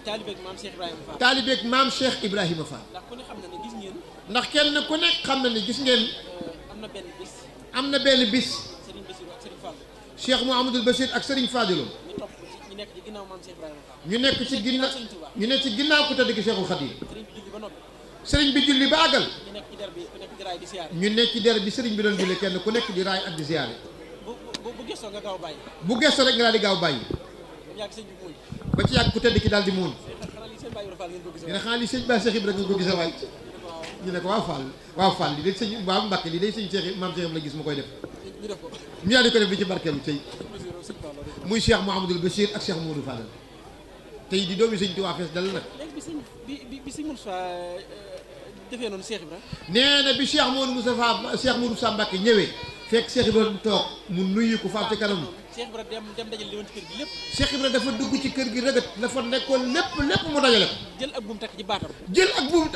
taalibeeg maam Cheikh Ibrahima Fall. taalibeeg maam Cheikh Ibrahima Fall. ndax gis ngeen. ndax kenn ku nekk xam na ne gis ngeen. Euh, am na benn bis. am na benn bis. Serigne Bassirou ak Serigne Fall. Cheikh Mouhamadul ak Serigne Fadilou. ñu topp ñu nekk ci ginnaaw maam Cheikh ñu nekk ci ginnaaw ñu nekk ci ginnaaw ku tëdd ki Cheikhul Khadim. Serigne bi julli ba noppi. Serigne ñu nekk ci der bi ku bi Serigne bi doon julli kenn ku nekk di raay ak di ziare. bu bu bu gëstoo nga gaaw bàyyi. bu gëstoo rek nga daal di gaaw bàyyi. yàgg sëñ bi muñ. ba ci yàgg ku tedd ki daal di muun dina xanaa li sëñ Ba Cheikh Ibra nga ko gis a wàcc ñu ne ko waaw Fall waaw Fall li day sëñ waaw li day sëñ maam Cheikh la gis tey muy Cheikh Mouhamadoul Bachir ak Cheikh Mouhamadou Fall tey di doomi sëñ Tuubaa fees dal nag euh, defee noonu Cheikh Ibra nee na bi Cheikh Mouhamadou Moustapha Cheikh Mouhamadou Samba Mbàkke ñëwee fekk Cheikh Ibra toog mu nuyu ko faaf ci kanam Cheikh Ibra dem dem lépp Cheikh Ibra dafa dugg ci kër gi rëgët la fa nekkoon lépp lépp mu dajale ko jël ak buum takk ci baatam jël ak buum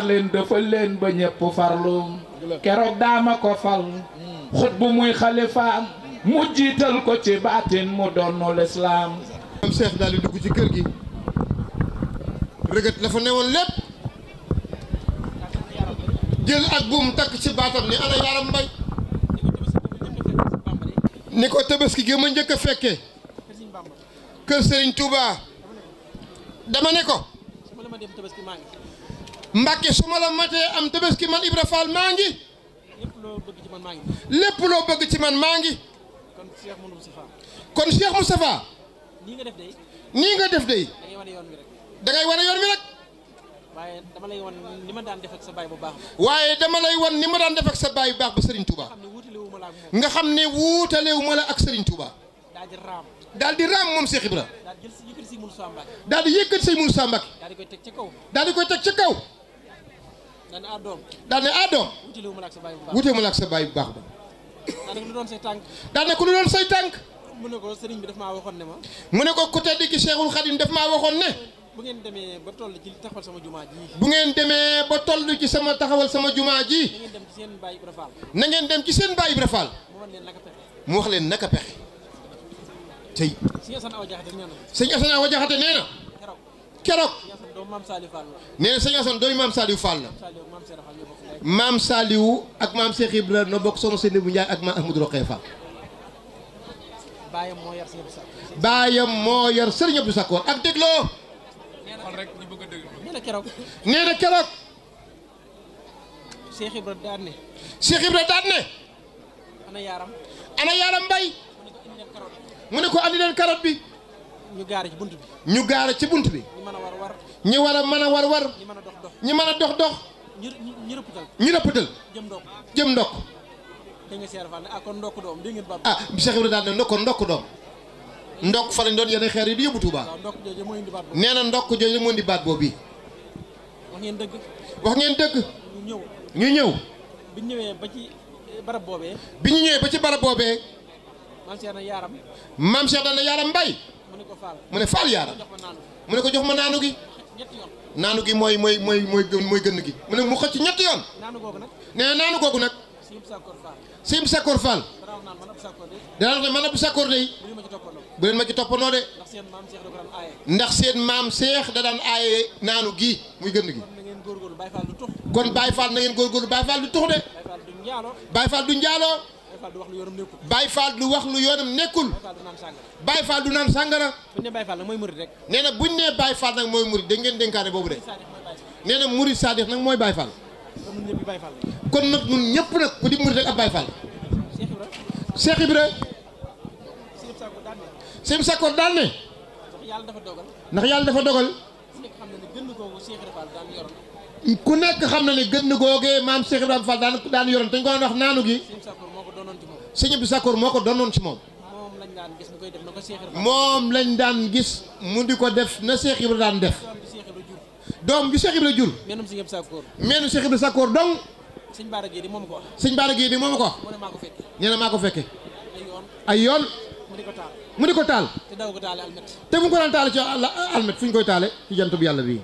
leen dafa leen ba ñëpp farlu keroog daama ko fal hmm. xut bu muy xalifaam mu jiital ko ci baatin mu doonul islaam am Cheikh daal dugg ci kër gi rëgët la fa newoon lépp jël ak buum takk ci baatam ni ana yaram mbay ni ko tabaski gi ñëk féké a kër Serigne Touba dama ne ko mbacké suma la maté am tabaski man Ibra Fall maa ngi lépp loo bëgg ci man maa kon Cheikh Moustapha ni nga def day ni nga def day da ngay wone yoon wi rek da wone yoon rek waye dama lay wan ni ma daan def ak sa baay bu baax waye dama lay wan ni ma daan def ak sa baay bu baax ba Serigne Touba nga xam ne wuutalewu ma la ak Serigne Touba daal di raam moom Cheikh Ibra daal di yëkkati sëñ Moussa Mbacke dal di koy teg ca kaw daal di koy teg ca kaw daal ne ah doom daal ne ah doom wutewu ma la ak sa baay bu baax wutewu ma la ak bu baax ba daal ne ko lu doon say tànk daal ne ko lu doon say tànk mu ne ko sëriñ bi daf maa waxoon ne ma mu ne ko daf maa waxoon ne bu ngeen demee ba toll ci taxawal sama jumaa ji. bu ngeen demee ba toll ci sama taxawal sama jumaa ji. na dem ci seen baay Ibra Fall. na ngeen dem ci seen baay Ibra Fall. mu wax leen naka pexe. mu wax leen naka pexe. tey. sëñ Assane Awa Diakhaté nee na. sëñ Assane Awa Diakhaté nee na. keroog. keroog. nee na sëñ Assane doomu maam Saliou Fall la. maam Saliou ak maam Cheikh Ibra no bokk soxna Seyni bu Njaay ak maam Ahmadou Rokhaya Fall. baayam moo yor sëriñ Abdou Sakkoor. baayam moo yor sëriñ Abdou Sakkoor ak dégloo. nee na keroog. nee na keroog. Cheikh Ibra daan ne. Cheikh Ibra daan ne. ana yaaram. ana yaaram mbay. mu ne ko andi leen carotte bi. ñu gaare ci bunt bi. ñu gaare ci bunt bi. ñu mën a war war. ñu war a mën war war. ñu mën a dox dox. ñu mën a dox dox. ñu ñu ñu rëppatal. ñu rëppatal. jëm ndokk jëm ndokk. dégg nga Cheikh Fall ne ah kon ndokk doom dégg ngeen ba. ah Cheikh Ibra daan ne ndokk ndokk doom. ndokk fa lañ doon yeneen xeer yi di yóbbu Touba. nee na ndokk jooju moo indi baat boobu wax ngeen dëgg. wax ngeen dëgg. ñu ñëw ñu ñëw. bi ñu ñëwee ba ci eh, barab boobee. bi ñu ñëwee ba ci barab boobee. maam Cheikh na yaaram. maam Cheikh dana yaaram mbay. mu ne ko faal mu ne faal yaaram. mu ne ko jox ma naanu gi. naanu gi mooy mooy mooy mooy gën mooy gën gi. mu ne mu xëcc ñetti yoon. naanu nee naanu googu nag. Sim Sakor Fall danaan ko man ab Sakor de bu leen ma ci toppandoo de ndax seen maam Seex da daan aaye naanu gi muy gënd gi kon Baye Fall na ngeen góorgóorlu Baye Fall du tux de Baye Fall du njaaloo Baye faal du wax lu yoonam nekkul Baye faal du naan sàngara nee na buñ nee Baye Fall nag mooy murid da ngeen dénkaane boobu de nee na murid saadix nag mooy Baye Fall kon nag ñun ñëpp nag ku di murid ak ab Baay Faal Cheikh Ibra Sëñ Sakor daal ne ndax yàlla dafa dogal ku nekk xam na ne gën googee maam Cheikh Ibrahima Fall daan daan yoroon te ñu ko wax naanu gi sëñ Abdou Sakor moo ko doonoon si moom moom lañ daan gis mu di ko def na Cheikh Ibrahima daan def doom ju Cheikh Ibra jur. meenum Cheikh Ibra Sakkoor. meenum Cheikh Ibra Sakkoor dong. sëñ Baara Guèye di moom ko wax. sëñ Baara Guèye di moom ko wax. mu ne maa ko fekkee. nee na maa ko fekkee. ay yoon. ay yoon. mu di ko taal. mu di ko taal. te daw ko taale almet. te mu ko daan taale ci almet fu ñu koy taale ci jant bu yàlla bii.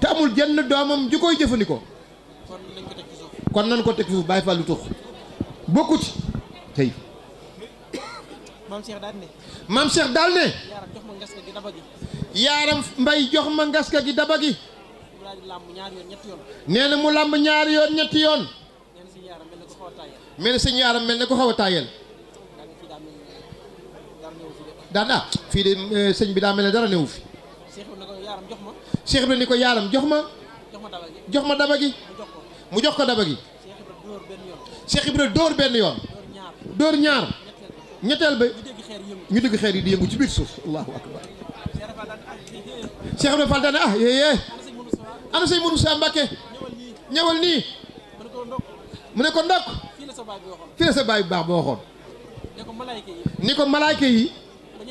te amul jenn doomam ju koy jëfandikoo. kon nañ ko teg ci suuf. kon nañ ko teg ci suuf bàyyi fa lu tux bokku ci tey. maam Cheikh daal ne. maam Cheikh daal ne. yaaram jox ma ngas gi dafa ji. yaram mbay jox ma ngaska gi daba gi neena mu lamb ñaar yoon ñetti yoon mel sëñ yaram mel ne ko xaw a taayel daan ah fii de eh, sëñ bi daa mel ne dara newu fi Cheikh Ibra ni ko yaaram jox ma jox ma daba gi mu jox ko daba gi Cheikh Ibra dóor ben yoon dóor ñaar ñettel ba ñu dégg xeer yi di yëngu ci bir suuf allahu akbar Cheikh Ibrahima Fall daane ah yéyée ana sëñ Mourou Moussa Mbacke ñëwal nii mu ne ko ndokk fii la sa baay baax ba waxoon ni ko malaayka yi ba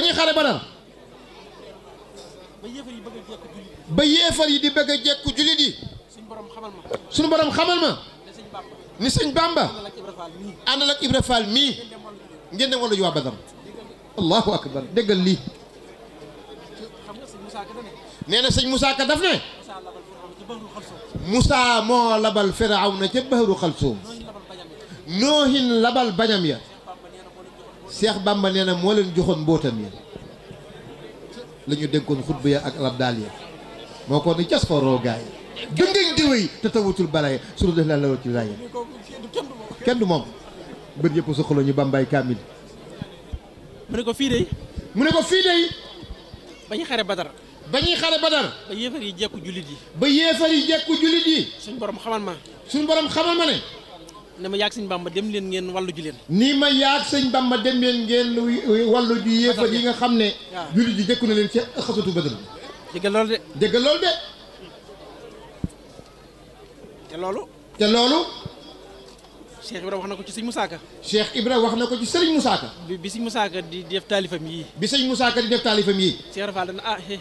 ñuy xare badar ba yéefar yi di bëgg a jekku jullit yi suñu borom xamal ma ni sëñ Bamba àndal ak Ibra Fall mii ngeen dem ju waa badar allahu akbar déggal lii nee na sëñ Moussa Ka daf ne Moussa moo labal Firawna ca bahru xalsoom noohin labal bañam ya Seex Bàmba nee na moo leen joxoon mbootam ya la ñu dénkoon xutba ya ak alab daal ya moo ko ni cas ko roogaay dëngañ diwéy te tawutul balaay suru def laa lawatul kenn du moom bët yëpp soxla ñu bàmbaay kaamil mu ne ko fii dey mu ne ko fii dey ba ñuy xare badar ba yéefar yi jekku jullit yi ba yéefar yi jekku jullit yi suñ borom xamal ma suñ borom xamal ma ne ni ma yaag sëñ bamba dem leen ngeen wàllu ji leen ni ma yaag sëñ bamba dem leen ngeen eh, wàllu ji yéefar yi nga xam ne jullit yi jekku na leen ci xasatu badar bi dëgg loolu de dëgg loolu de te loolu te loolu Cheikh Ibra wax na ko ci sëñ Moussa Ka Ibra wax na ko ci sëriñ Moussa Ka bi sëñ Moussa Ka di def taalifam yii bi sëñ Moussa Ka di def taalifam yii Cheikh Ibra Fall dana ah xee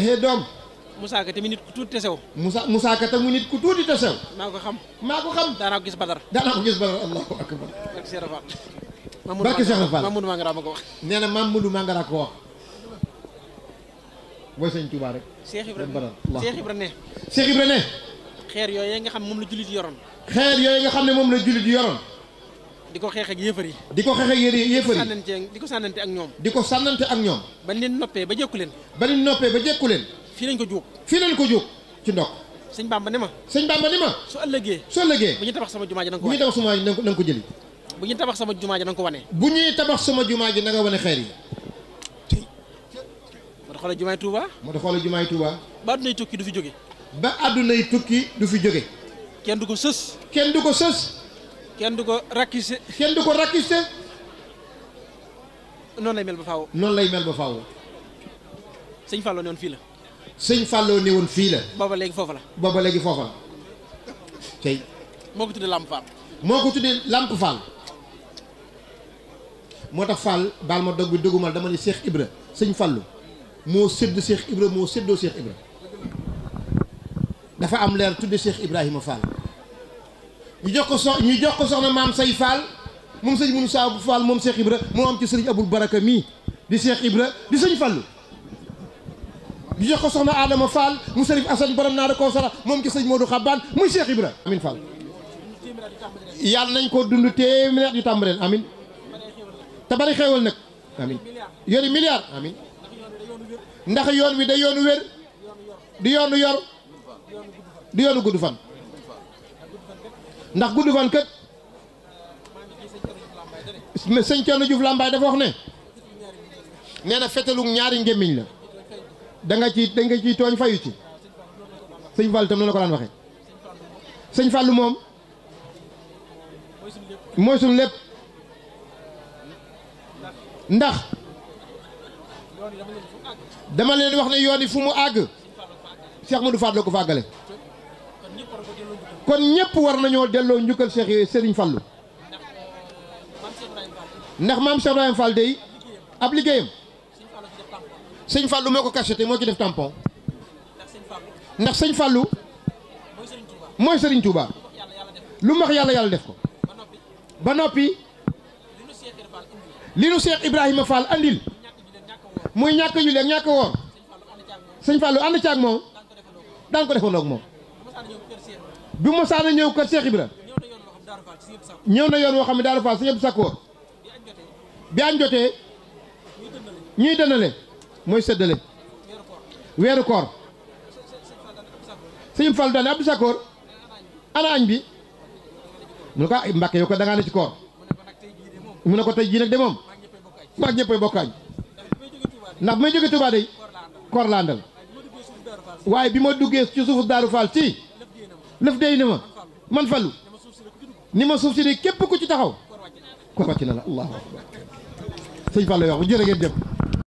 xee doom ah, ku tuuti te sew Moussa Moussa Ka tamit nit ku tuuti te sew maa ko xam maa ko xam daanaa ko gis badar daanaa ko ma ko wax nee na Mamadou Mangara ko wax booy sëñ Ibra ne xeer yooyu nga xam moom la jullit yoroon xeer yooyu nga xam ne moom la jullit yoroon di ko xeex ak yéefar yi di ko xeex ak yéefar yi sànnante di ko sànnante ak ñoom di ko sànnante ak ñoom ba leen noppee ba jekku leen ba leen noppee ba jekku leen fii lañ ko juug fii lañ ko juug ci ndox ndok baam ba ne ma sëñ Bamba ne ma su ëllëgee su ëllëgee bu ñu tabax sama jumaa ji na ko bu ñu tabax sama jumaa ji ko jëli bu ñuy tabax sama jumaa ji na nga ko wane bu ñuy tabax sama jumaa ji na nga wane xeer yi moo tax xoolal jumaay Touba moo tax xoolal jumaay Touba ba addunay tukki du fi jóge ba àddunay tukki du fi jóge kenn du ko sës kenn du ko sës kenn du ko rakkise kenn du ko rakkise noonu lay mel ba faaw noonu lay mel ba faaw sëñ Fallou ne woon fii la sëñ Fallou ne woon fii la baba legi foofa la booba léegi foofa la tey moo ko tuddee Lamp Fall moo ko tuddee Lamp Fall moo tax Fall baal ma dog bi dugumal dama ne Cheikh Ibra sëñ Fallou moo sédd Cheikh Ibra moo séddoo Cheikh Ibra dafa am leer tudde Cheikh Ibrahima Fall ñu jox ko so ñu jox ko soxna maam say Fall moom sëñ Moussa saabu Fall moom Cheikh Ibra moo am ci sëriñ Abul Baraka mii di Cheikh Ibra di sëñ Fallu ñu jox ko soxna Adama Fall mu sëriñ Assane borom naa ko sara moom ci sëñ Modou Xabaan muy Cheikh Ibra amin Fall yàlla nañ ko dund téeméer yu tàmbaleen amin te bari xéewal nag amin yori milliard ndax yoon wi da yoonu wér di yoonu yor du yoonu gudd fan ndax gudd fan kët sëñ Thierno Diouf Lambaye dafa wax ne nee na fetalu ñaari ngémmiñ la danga ci da nga ciy tooñ fayu ci sëñ Fall tam noonu ko daan waxee sëñ Fall moom mooy suñu lépp ndax dama leen wax ne yoon yi fu mu àgg Cheikh Modou Fall la ko fàggale kon ñepp war nañu delloo ñukal Cheikh yooyu Serigne Fallou ndax maam Cheikh Ibrahim Fall day ab ligéyam. Serigne Fallou moo ko cacheté moo ci def tampon ndax Serigne Fallou mooy Serigne Touba lu mu wax Yalla yàlla def ko ba nopi. li Cheikh Ibrahim Fall andil muy ñàkk a julli ak ñàkk a woor sëñ Fallou ànd caag moom daan ko defandoo ak moom. bi Musaana ñëw kër Cheikh Ibra ñëw na yoon woo xam ne Daaru Faal Sëñ Abdu Sakkoor bi añ jotee ñuy dënale mooy séddale weeru koor Sëñ Fall daane Abdu Sakkoor ana añ bi mu ne ko ah, Mbàkke yow ko dangaa ne ci koor mu ne ko tey jii nag de moom maag ñëppay bokk añ ndax bu may Tuubaa day koor la àndal waaye bi ma duggee ci suufu Daaru Faal ci lëf day ni ma man fallu ni ma suuf si de képp ku ci taxaw kon wàcc na la allahu akbar sëñ Fallou wax bu jërë ngeen jëf